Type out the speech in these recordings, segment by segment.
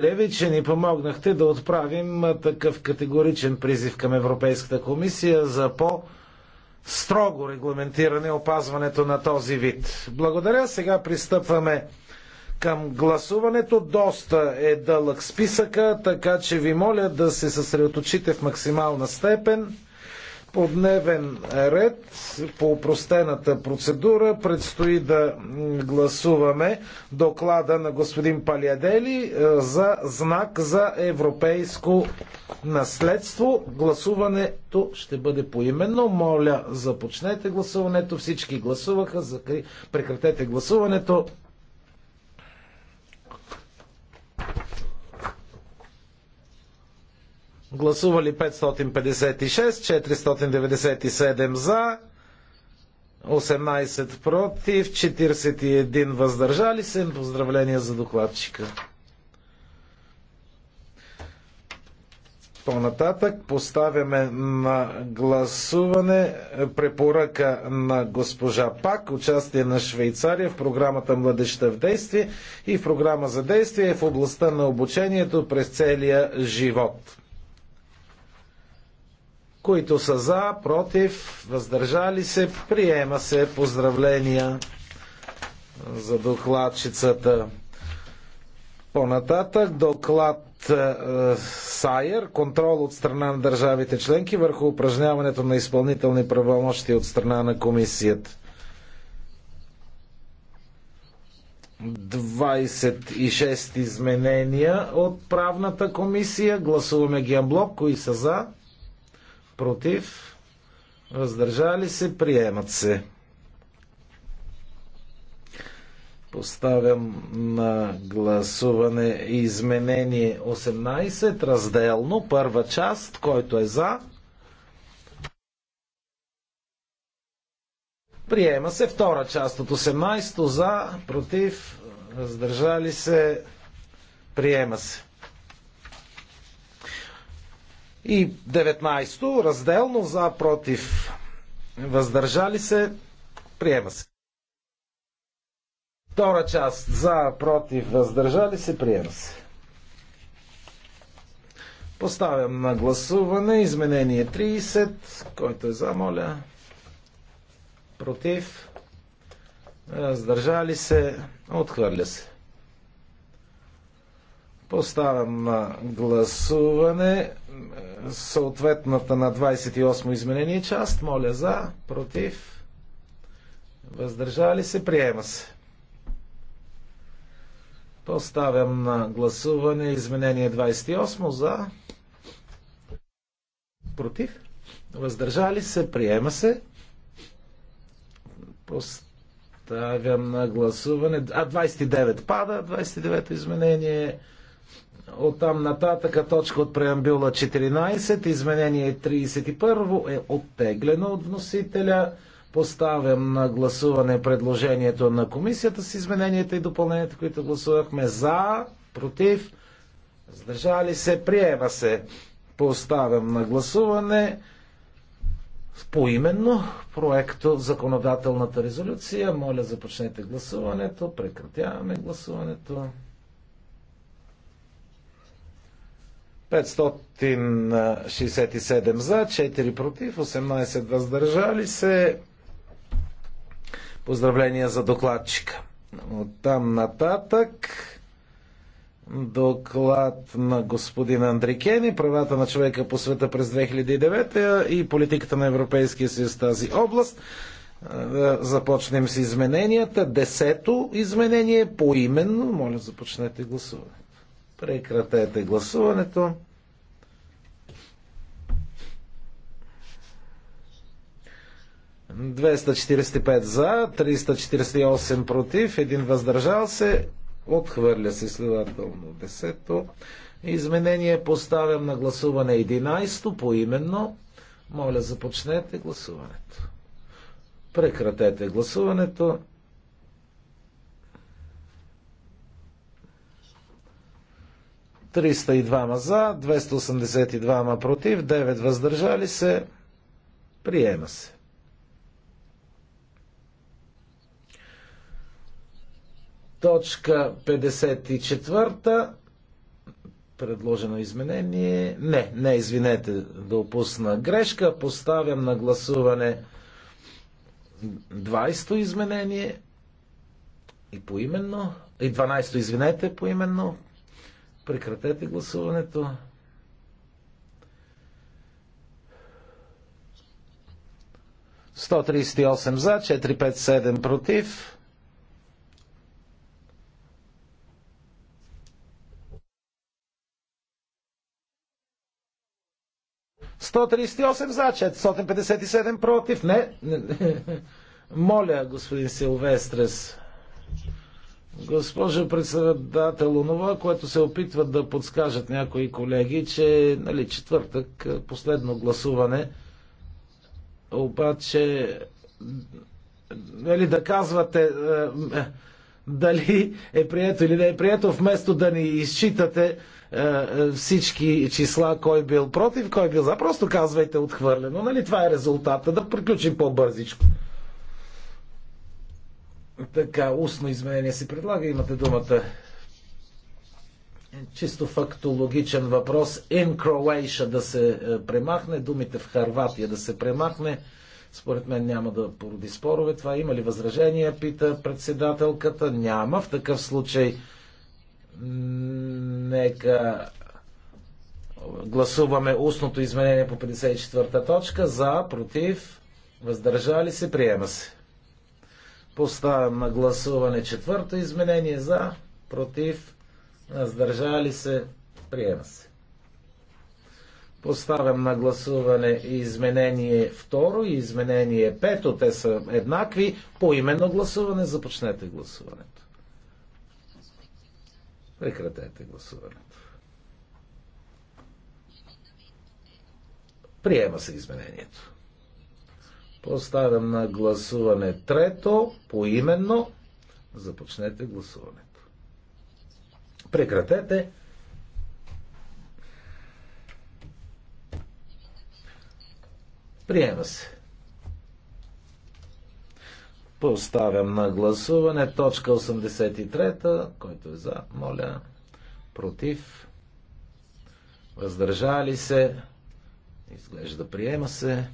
ви, че ни помогнахте да отправим такъв категоричен призив към Европейската комисия за по- строго регламентиране опазването на този вид. Благодаря. Сега пристъпваме към гласуването. Доста е дълъг списъка, така че ви моля да се съсредоточите в максимална степен по дневен ред, по упростената процедура, предстои да гласуваме доклада на господин Палиадели е, за знак за европейско наследство. Гласуването ще бъде поименно. Моля, започнете гласуването. Всички гласуваха. Прекратете гласуването. Гласували 556, 497 за, 18 против, 41 въздържали се. Поздравления за докладчика. По-нататък поставяме на гласуване препоръка на госпожа Пак, участие на Швейцария в програмата Младеща в действие и в програма за действие в областта на обучението през целия живот които са за, против, въздържали се, приема се поздравления за докладчицата. По-нататък доклад е, Сайер, контрол от страна на държавите членки върху упражняването на изпълнителни правомощи от страна на комисията. 26 изменения от правната комисия. Гласуваме ги амблок, Кои са за? против, въздържали се, приемат се. Поставям на гласуване изменение 18, разделно, първа част, който е за. Приема се втора част от 18 за, против, въздържали се, приема се. И 19 разделно за против въздържали се, приема се. Втора част за против въздържали се, приема се. Поставям на гласуване изменение 30, който е за, моля. Против. Въздържали се, отхвърля се. Поставям на гласуване съответната на 28 изменение част. Моля за, против, въздържали се, приема се. Поставям на гласуване изменение 28 за, против, въздържали се, приема се. Поставям на гласуване. А, 29 пада, 29 изменение от там нататъка точка от преамбюла 14, изменение 31 е оттеглено от вносителя. Поставям на гласуване предложението на комисията с измененията и допълненията, които гласувахме за, против, сдържали се, приема се. Поставям на гласуване поименно проекто законодателната резолюция. Моля, започнете гласуването. Прекратяваме гласуването. 567 за, 4 против, 18 въздържали се. Поздравления за докладчика. От там нататък доклад на господин Андрикени, правата на човека по света през 2009 и политиката на Европейския съюз в тази област. Да започнем с измененията. Десето изменение по именно, Моля, започнете гласуване. Прекратете гласуването. ...245 за, 348 против, един въздържал се, отхвърля се следователно десето. Изменение поставям на гласуване 11-то поименно. Моля, започнете гласуването. Прекратете гласуването. 302 за, 282 против, 9 въздържали се. Приема се. Точка 54. Предложено изменение. Не, не, извинете, да опусна грешка. Поставям на гласуване 20-то изменение и поименно. И 12-то, извинете, поименно. Прекратете гласуването. Сто за, 457 против. Сто за, 457 против. Не. Моля, господин Силвестрес. Госпожо председател, онова, което се опитват да подскажат някои колеги, че нали, четвъртък, е, последно гласуване, обаче нали, да казвате е, е, дали е прието или не е прието, вместо да ни изчитате всички числа, кой бил против, кой бил за. Просто казвайте отхвърлено. Нали, това е резултата. Да приключим по-бързичко. Така, устно изменение се предлага. Имате думата. Чисто фактологичен въпрос. In Croatia да се е, премахне, думите в Харватия да се премахне. Според мен няма да породи спорове това. Има ли възражения, пита председателката. Няма. В такъв случай нека гласуваме устното изменение по 54-та точка. За, против, въздържали се, приема се. Поставям на гласуване четвърто изменение за, против, въздържали се, приема се. Поставям на гласуване изменение второ и изменение пето. Те са еднакви. По именно гласуване започнете гласуването. Прекратете гласуването. Приема се изменението. Поставям на гласуване трето, поименно. Започнете гласуването. Прекратете. Приема се. Поставям на гласуване точка 83, който е за, моля, против, въздържали се, изглежда приема се.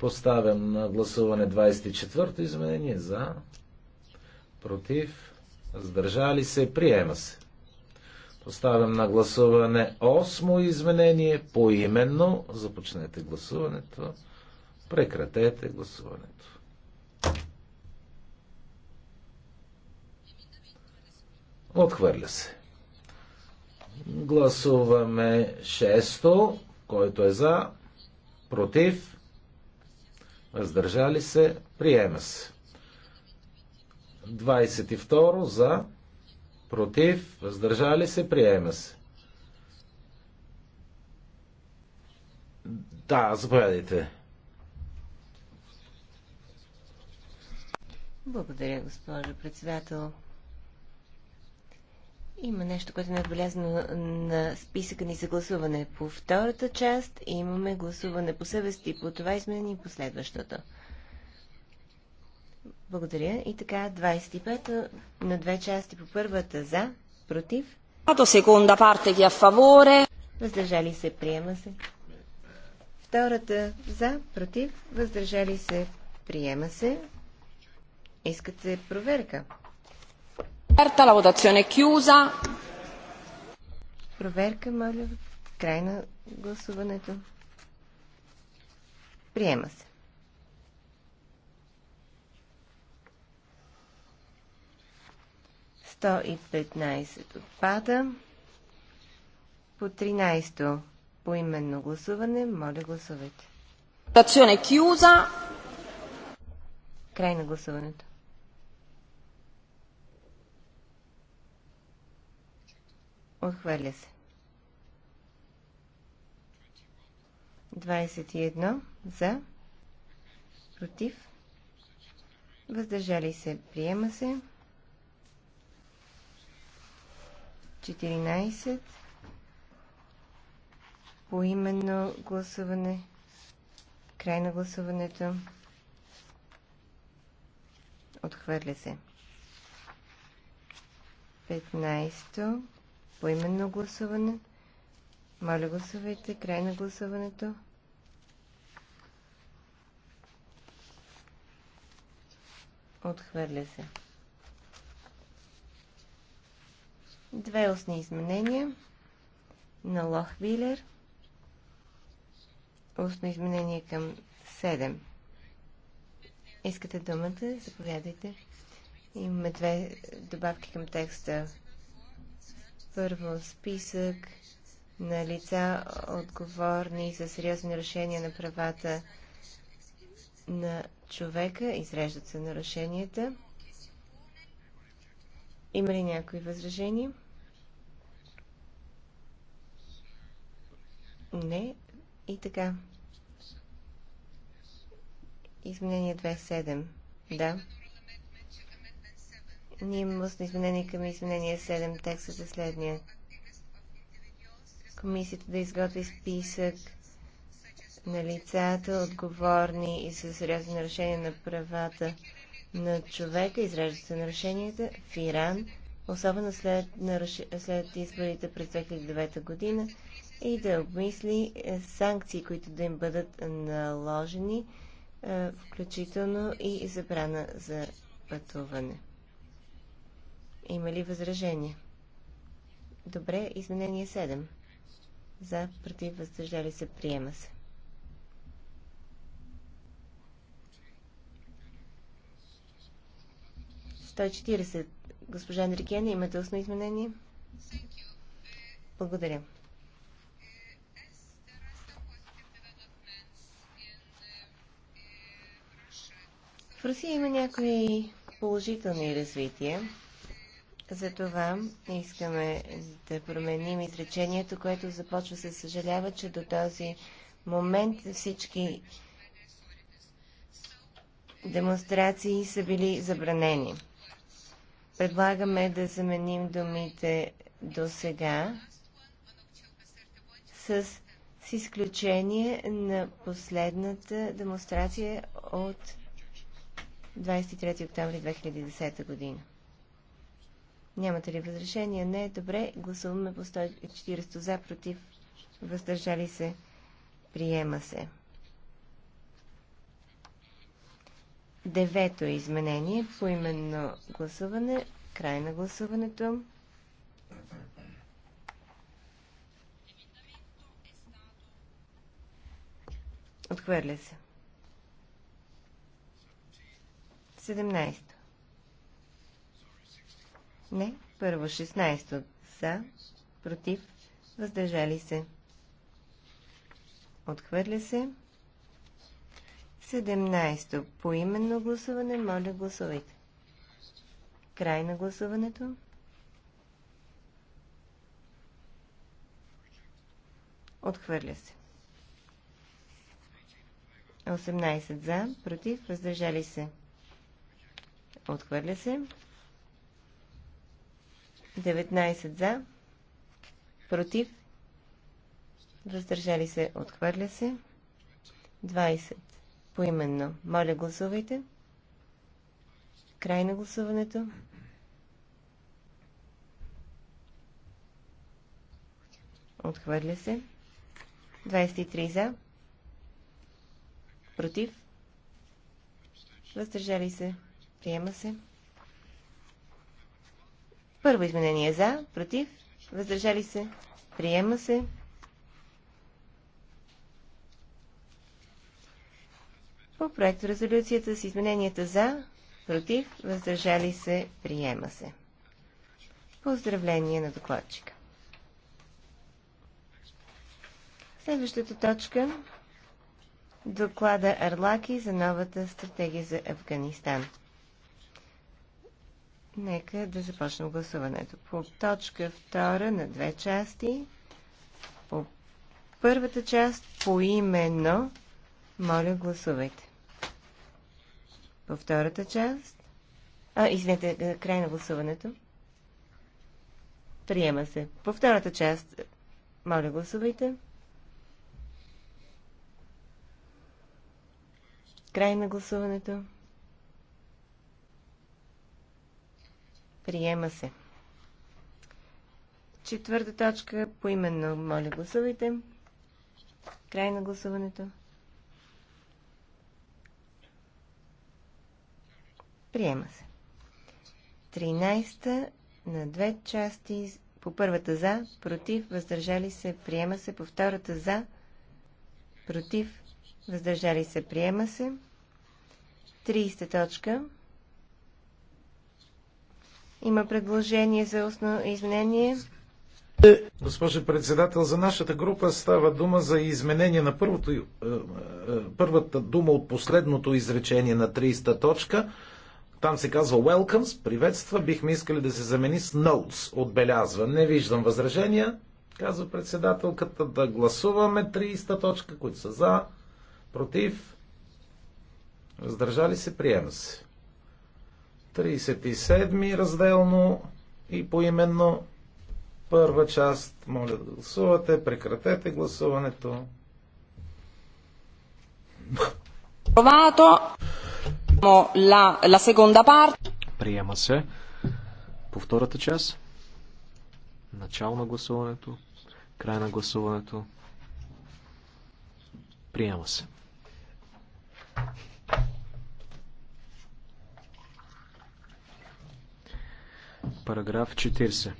Поставям на гласуване 24-то изменение за, против, въздържали се, приема се. Поставям на гласуване 8-о изменение поименно. Започнете гласуването. Прекратете гласуването. Отхвърля се. Гласуваме 6-то, който е за, против, въздържали се, приема се. 22 за, против, въздържали се, приема се. Да, заповядайте. Благодаря, госпожо председател. Има нещо, което не е отбелязано на списъка ни за гласуване. По втората част имаме гласуване по съвест и по това изменение и по следващото. Благодаря. И така, 25 на две части по първата за, против. Секунда парте ги а е фаворе. Въздържали се, приема се. Втората за, против, въздържали се, приема се. Искате проверка? Aperta, la votazione chiusa. Проверка, моля, край на гласуването. Приема се. Сто и 115 отпада. По 13 по именно гласуване, моля гласувайте. Тационе Кюза. Край на гласуването. Отхвърля се. 21 за, против, въздържали се, приема се. 14 поименно гласуване, край на гласуването, отхвърля се. 15 Поименно гласуване. Моля гласувайте. Край на гласуването. Отхвърля се. Две устни изменения на Вилер. Устно изменение към 7. Искате думата? Заповядайте. Имаме две добавки към текста първо, списък на лица, отговорни за сериозни нарушения на правата на човека. Изреждат се нарушенията. Има ли някои възражения? Не. И така. Изменение 2.7. Да ние устно изменение към изменение 7. Текстът е следния. Комисията да изготви списък на лицата, отговорни и за сериозни нарушения на правата на човека, изреждат се нарушенията в Иран, особено след, наруш... след изборите през 2009 година, и да обмисли е, санкции, които да им бъдат наложени, е, включително и забрана за пътуване. Има ли възражение? Добре, изменение 7. За, против, въздържали се, приема се. Той 40. Госпожа Андрикена, имате устно изменение? Благодаря. В Русия има някои положителни развития. Затова искаме да променим изречението, което започва се съжалява, че до този момент всички демонстрации са били забранени. Предлагаме да заменим думите до сега с, с изключение на последната демонстрация от 23 октомври 2010 година. Нямате ли възрешение? Не. Добре. Гласуваме по 140 за, против, въздържали се. Приема се. Девето е изменение по именно гласуване. Край на гласуването. Отхвърля се. 17. Не. Първо 16 за, против, въздържали се. Отхвърля се. 17 по именно гласуване. Моля, гласувайте. Край на гласуването. Отхвърля се. 18 за, против, въздържали се. Отхвърля се. 19 за, против, въздържали се, отхвърля се. 20 поименно. Моля, гласувайте. Край на гласуването. Отхвърля се. 23 за. Против. Въздържали се. Приема се. Първо изменение за, против, въздържали се, приема се. По проект резолюцията с измененията за, против, въздържали се, приема се. Поздравление на докладчика. Следващата точка доклада Арлаки за новата стратегия за Афганистан. Нека да започнем гласуването. По точка втора на две части. По първата част именно Моля, гласувайте. По втората част. А, извинете, е, край на гласуването. Приема се. По втората част. Моля, гласувайте. Край на гласуването. Приема се. Четвърта точка, поименно, моля гласувайте. Край на гласуването. Приема се. 13 на две части по първата за, против, въздържали се, приема се. По втората за, против, въздържали се, приема се. 30 точка. Има предложение за устно изменение. Госпожо председател, за нашата група става дума за изменение на първото, е, е, първата дума от последното изречение на 30-та точка. Там се казва Welcomes, приветства, бихме искали да се замени с Notes, отбелязва. Не виждам възражения, казва председателката, да гласуваме 30-та точка, които са за, против, въздържали се, приема се. 37 разделно и поименно. Първа част, моля да гласувате, прекратете гласуването. Провато. La, la seconda parte. Приема се. По втората част. Начало на гласуването. Край на гласуването. Приема се. Параграф 40.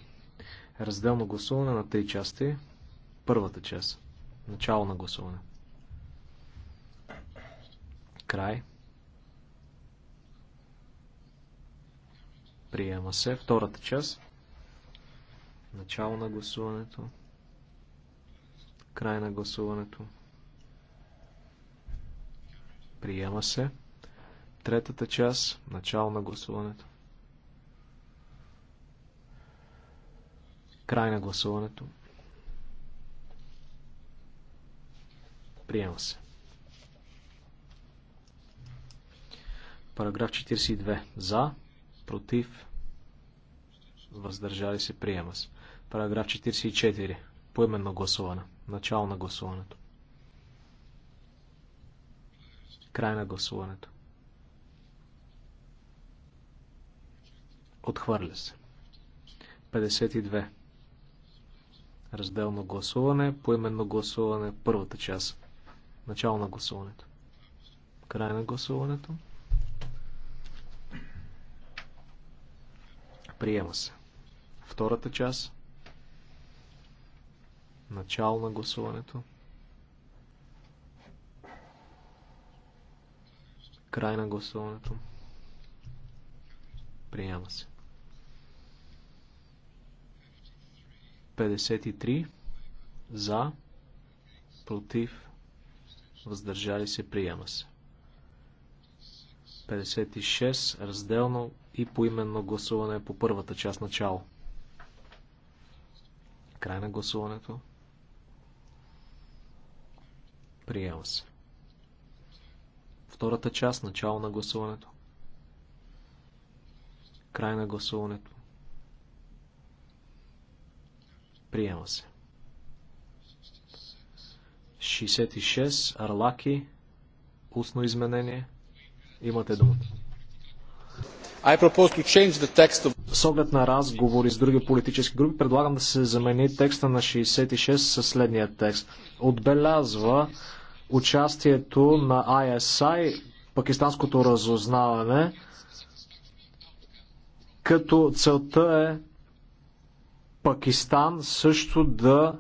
Разделно гласуване на три части. Първата част. Начало на гласуване. Край. Приема се. Втората част. Начало на гласуването. Край на гласуването. Приема се. Третата част. Начало на гласуването. Край на гласуването. Приема се. Параграф 42. За, против, въздържали се, приема се. Параграф 44. Поименно гласуване. Начало на гласуването. Край на гласуването. Отхвърля се. 52. Разделно гласуване, поименно гласуване, първата част. Начало на гласуването. Край на гласуването. Приема се. Втората част. Начало на гласуването. Край на гласуването. Приема се. 53 за, против, въздържали се, приема се. 56 разделно и поименно гласуване по първата част начало. Край на гласуването. Приема се. Втората част начало на гласуването. Край на гласуването. Приема се. 66. Арлаки. Устно изменение. Имате думата. I propose to change the text of... С оглед на разговори с други политически групи, предлагам да се замени текста на 66 със следния текст. Отбелязва участието на ISI, пакистанското разузнаване, като целта е Пакистан също да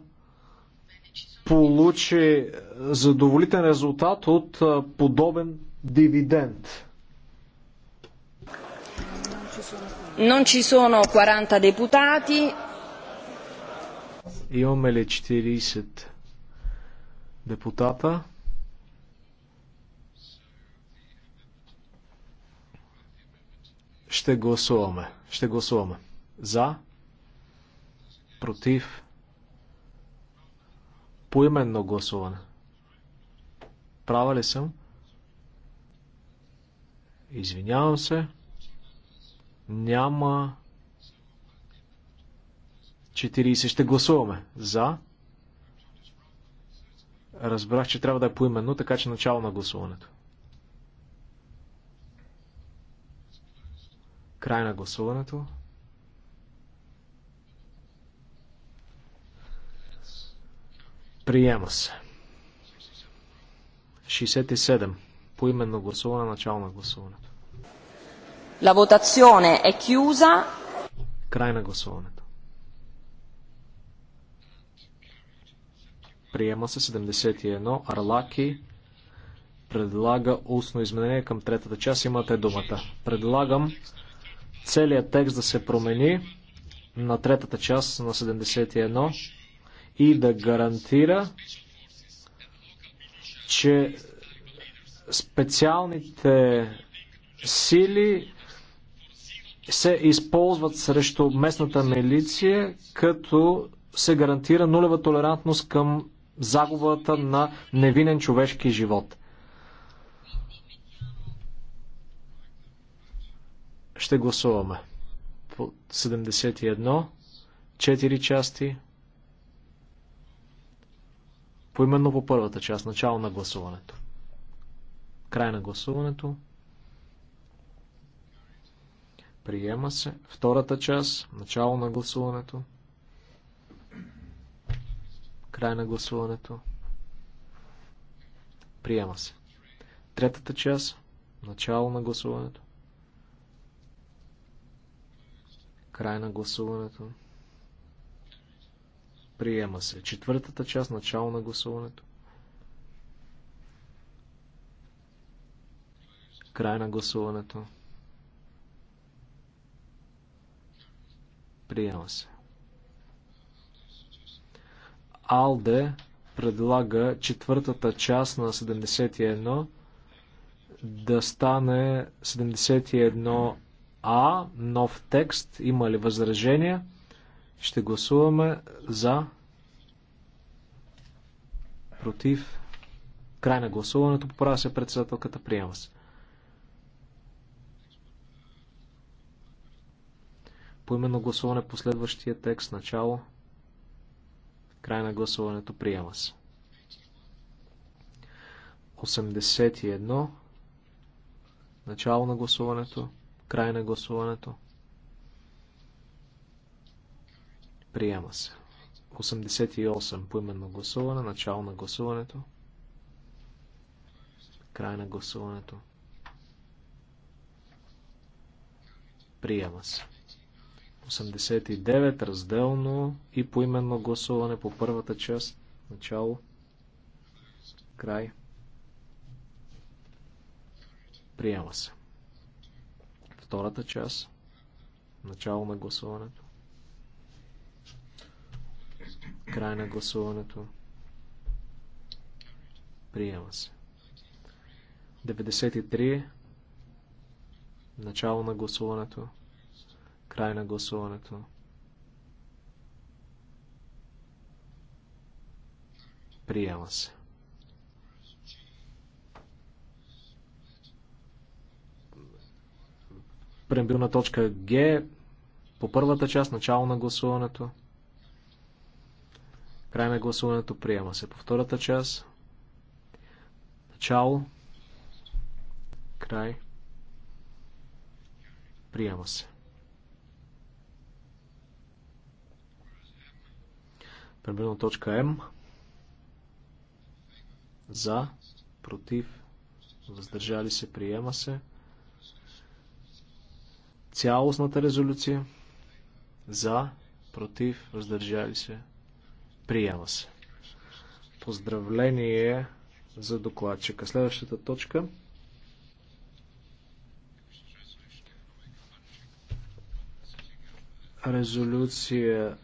получи задоволителен резултат от подобен дивиденд. Non ci sono 40 депутати. Имаме ли 40 депутата? Ще гласуваме. Ще гласуваме. За против, поименно гласуване. Права ли съм? Извинявам се. Няма 40. Ще гласуваме. За. Разбрах, че трябва да е поименно, така че начало на гласуването. Край на гласуването. Приема се. 67. По именно гласуване, начало на гласуването. La votazione è chiusa. Край на гласуването. Приема се 71. Арлаки предлага устно изменение към третата част. Имате думата. Предлагам целият текст да се промени на третата част на 71 и да гарантира, че специалните сили се използват срещу местната милиция, като се гарантира нулева толерантност към загубата на невинен човешки живот. Ще гласуваме по 71, 4 части. Поименно по първата част, начало на гласуването. Край на гласуването. Приема се. Втората част, начало на гласуването. Край на гласуването. Приема се. Третата част, начало на гласуването. Край на гласуването. Приема се. Четвъртата част, начало на гласуването. Край на гласуването. Приема се. Алде предлага четвъртата част на 71 да стане 71А, нов текст. Има ли възражения? Ще гласуваме за, против, край на гласуването, поправя се председателката, приема се. Поименно гласуване последващия текст, начало, край на гласуването, приема се. 81, начало на гласуването, край на гласуването, Приема се. 88 по гласуване, начало на гласуването, край на гласуването. Приема се. 89 разделно и поименно гласуване по първата част, начало, край. Приема се. Втората част, начало на гласуването. Край на гласуването. Приема се. 93. Начало на гласуването. Край на гласуването. Приема се. Прембилна точка Г по първата част, начало на гласуването. Край на гласуването приема се. По втората част. Начало. Край. Приема се. Примерно точка М. За. Против. Въздържали се. Приема се. Цялостната резолюция. За. Против. Въздържали се. Приема се. Поздравление за докладчика. Следващата точка. Резолюция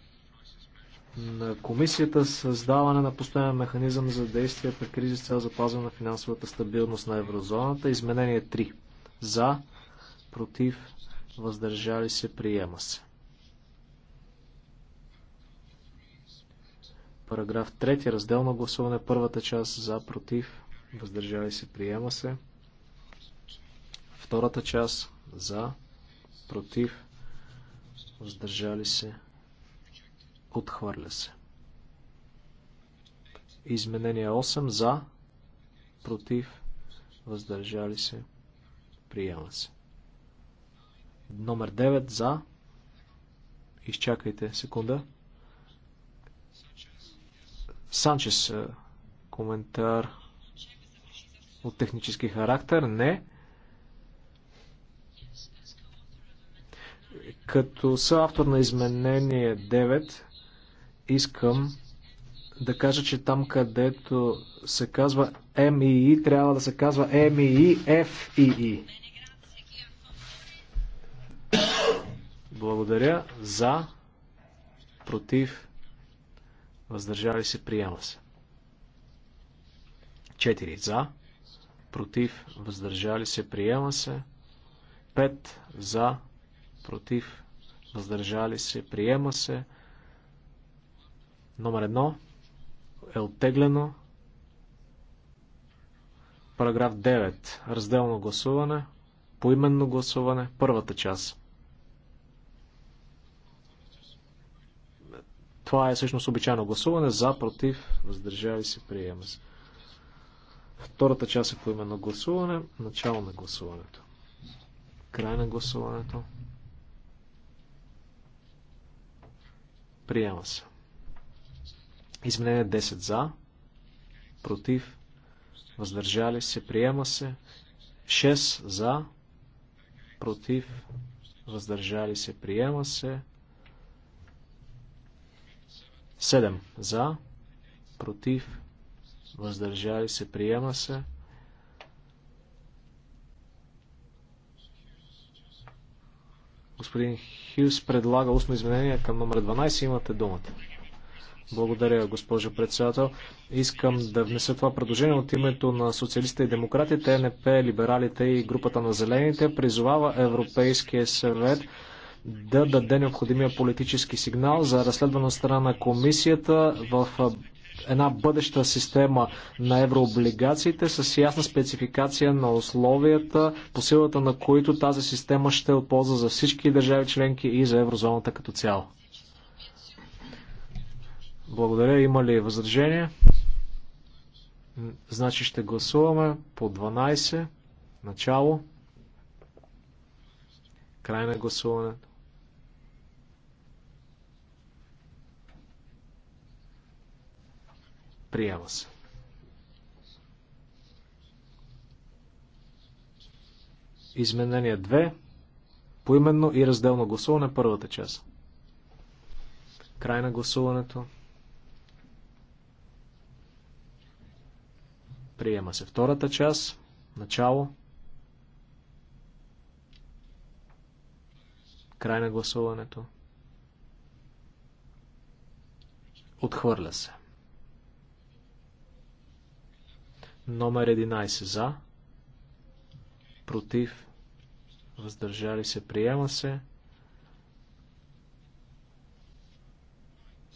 на комисията създаване на постоянен механизъм за действие при кризи с цел запазване на финансовата стабилност на еврозоната. Изменение 3. За, против, въздържали се, приема се. Параграф 3. Разделно гласуване. Първата част за, против, въздържали се, приема се. Втората част за, против, въздържали се, отхвърля се. Изменение 8 за, против, въздържали се, приема се. Номер 9 за. Изчакайте секунда. Санчес, е, коментар от технически характер? Не. Като съавтор на изменение 9, искам да кажа, че там където се казва МИИ, трябва да се казва МИИ ФИИ. Благодаря за, против, въздържали се, приема се. 4 за, против, въздържали се, приема се. 5 за, против, въздържали се, приема се. Номер 1 е оттеглено. Параграф 9. Разделно гласуване. Поименно гласуване. Първата част. Това е всъщност обичайно гласуване. За, против, въздържали се, приема се. Втората част е по именно гласуване. Начало на гласуването. Край на гласуването. Приема се. Изменение 10 за, против, въздържали се, приема се. 6 за, против, въздържали се, приема се. 7 за, против, въздържали се, приема се. Господин Хюс предлага устно изменение към номер 12. Имате думата. Благодаря, госпожо председател. Искам да внеса това предложение от името на социалистите и демократите, НП, либералите и групата на зелените. Призовава Европейския съвет да даде необходимия политически сигнал за разследване страна на комисията в една бъдеща система на еврооблигациите с ясна спецификация на условията, по силата на които тази система ще е от полза за всички държави членки и за еврозоната като цяло. Благодаря. Има ли възражение? Значи ще гласуваме по 12. Начало. Край на гласуването. Приема се. Изменение 2. Поименно и разделно гласуване, първата част. Край на гласуването. Приема се втората част. Начало. Край на гласуването. Отхвърля се. Номер 11 за. Против. Въздържали се. Приема се.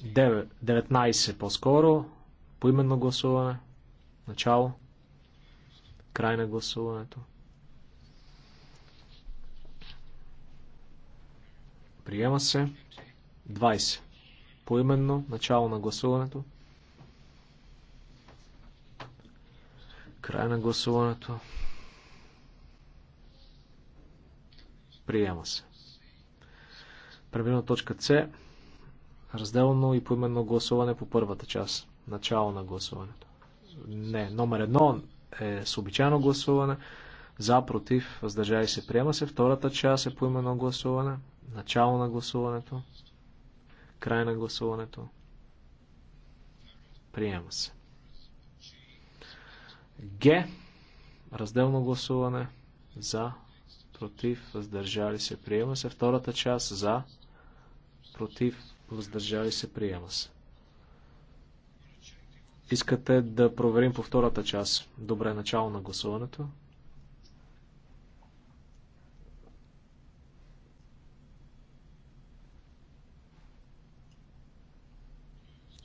19 по-скоро. Поименно гласуване. Начало. Край на гласуването. Приема се. 20. Поименно начало на гласуването. Край на гласуването. Приема се. Премина точка С. Разделно и поименно гласуване по първата част. Начало на гласуването. Не, номер едно е с обичайно гласуване. За, против, въздържай се, приема се. Втората част е поименно гласуване. Начало на гласуването. Край на гласуването. Приема се. Г. Разделно гласуване. За. Против. Въздържали се. Приема се. Втората част. За. Против. Въздържали се. Приема се. Искате да проверим по втората част. Добре, начало на гласуването.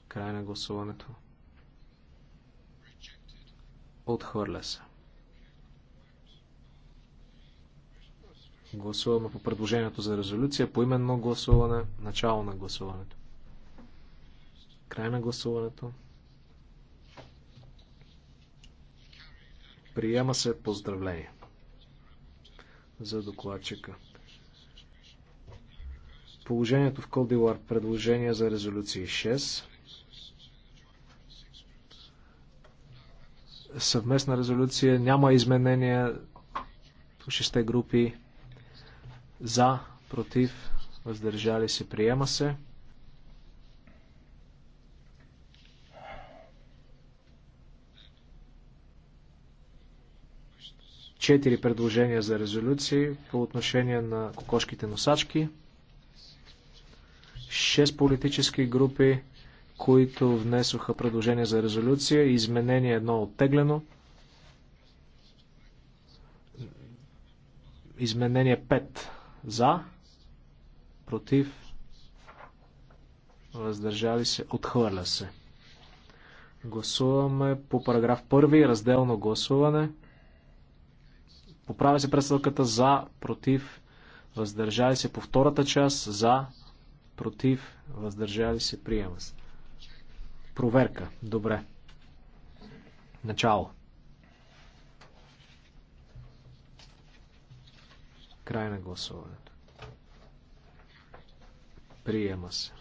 Край на гласуването. Отхвърля се. Гласуваме по предложението за резолюция, по именно гласуване, начало на гласуването. Край на гласуването. Приема се поздравление за докладчика. Положението в Кълдилар. Предложение за резолюции 6. съвместна резолюция, няма изменения по шесте групи за, против, въздържали се, приема се. Четири предложения за резолюции по отношение на кокошките носачки. Шест политически групи които внесоха предложение за резолюция. Изменение едно оттеглено. Изменение 5 за, против, въздържали се, отхвърля се. Гласуваме по параграф 1, разделно гласуване. Поправя се предсълката за, против, въздържали се по втората част, за, против, въздържали се, приема се. Проверка. Добре. Начало. Край на гласуването. Приема се.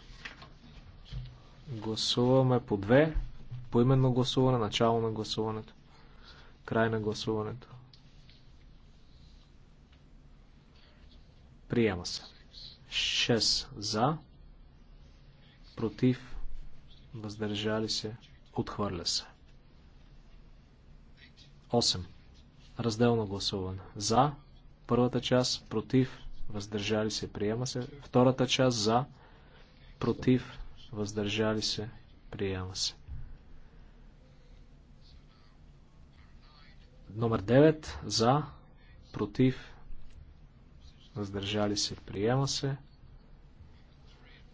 Гласуваме по две. Поименно гласуване, начало на гласуването. Край на гласуването. Приема се. 6 за. Против въздържали се, отхвърля се. 8. Разделно гласуване. За, първата част, против, въздържали се, приема се. Втората част, за, против, въздържали се, приема се. Номер 9. За, против, въздържали се, приема се.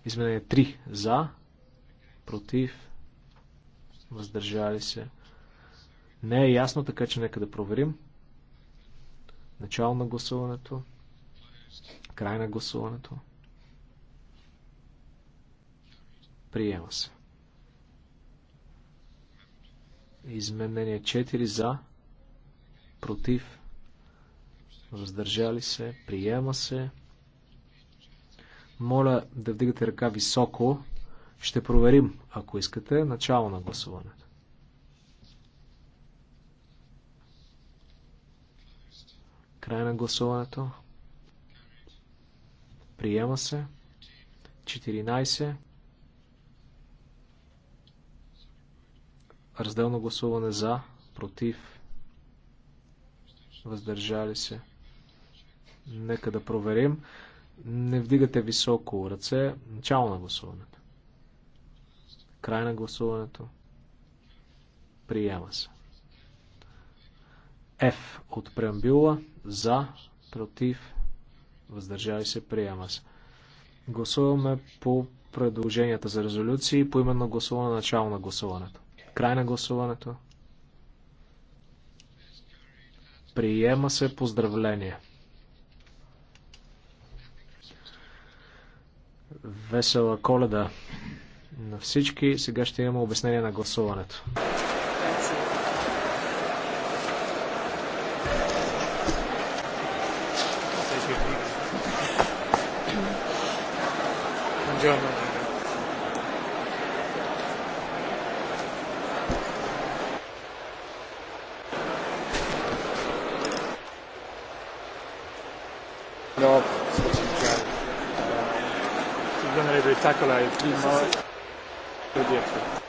Изменение 3. За, против, въздържали се. Не е ясно, така че нека да проверим. Начало на гласуването, край на гласуването. Приема се. Изменение 4 за, против, въздържали се, приема се. Моля да вдигате ръка високо, ще проверим, ако искате, начало на гласуването. Край на гласуването. Приема се. 14. Разделно гласуване за, против, въздържали се. Нека да проверим. Не вдигате високо ръце. Начало на гласуването. Край на гласуването. Приема се. F от преамбюла. За, против, въздържали се, приема се. Гласуваме по предложенията за резолюции по именно гласуване начало на гласуването. Край на гласуването. Приема се поздравление. Весела коледа! на всички. Сега ще имаме обяснение на гласуването. Спасибо. Спасибо proyecto